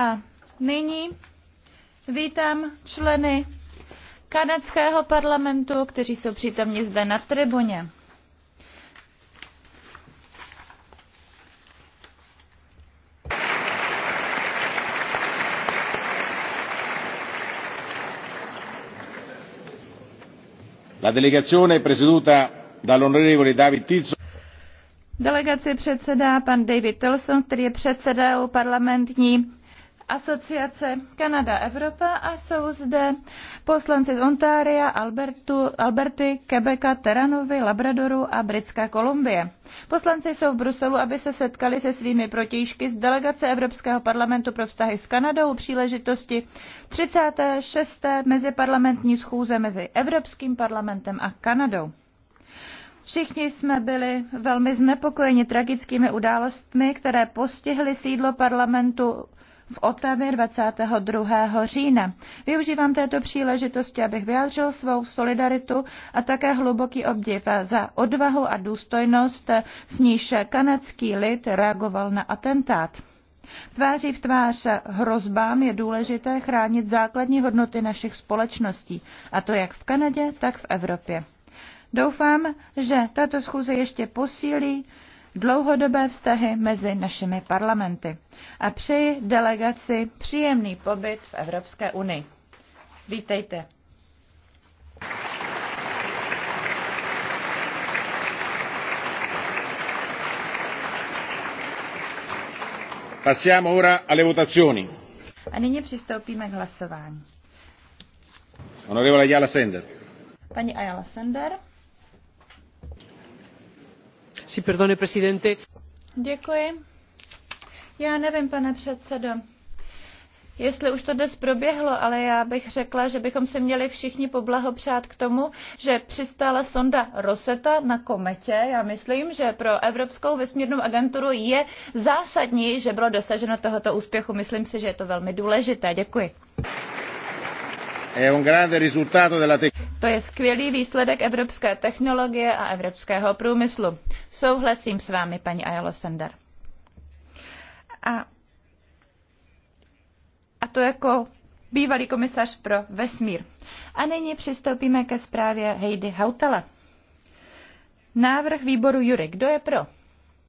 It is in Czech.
A nyní vítám členy kanadského parlamentu, kteří jsou přítomni zde na tribuně. La delegazione presieduta dall'onorevole David Tilson Delegaci předsedá pan David Tilson, který je předsedou parlamentní asociace Kanada-Evropa a jsou zde poslanci z Ontária, Albertu, Alberty, Quebeca, Teranovy, Labradoru a Britská Kolumbie. Poslanci jsou v Bruselu, aby se setkali se svými protějšky z delegace Evropského parlamentu pro vztahy s Kanadou u příležitosti 36. meziparlamentní schůze mezi Evropským parlamentem a Kanadou. Všichni jsme byli velmi znepokojeni tragickými událostmi, které postihly sídlo parlamentu v Otavě 22. října. Využívám této příležitosti, abych vyjádřil svou solidaritu a také hluboký obdiv za odvahu a důstojnost, s níž kanadský lid reagoval na atentát. Tváří v tvář hrozbám je důležité chránit základní hodnoty našich společností, a to jak v Kanadě, tak v Evropě. Doufám, že tato schůze ještě posílí dlouhodobé vztahy mezi našimi parlamenty a přeji delegaci příjemný pobyt v Evropské unii. Vítejte. Passiamo ora alle votazioni. A nyní přistoupíme k hlasování. Onorevole Ayala Sender. Pani Ayala Sender. Sí, perdone, Děkuji. Já nevím, pane předsedo. Jestli už to dnes proběhlo, ale já bych řekla, že bychom si měli všichni poblahopřát k tomu, že přistála sonda Rosetta na kometě. Já myslím, že pro Evropskou vesmírnou agenturu je zásadní, že bylo dosaženo tohoto úspěchu. Myslím si, že je to velmi důležité. Děkuji. To je skvělý výsledek evropské technologie a evropského průmyslu. Souhlasím s vámi, paní Ayala Sender. A, a to jako bývalý komisař pro vesmír. A nyní přistoupíme ke zprávě Heidi Hautala. Návrh výboru Jury. Kdo je pro?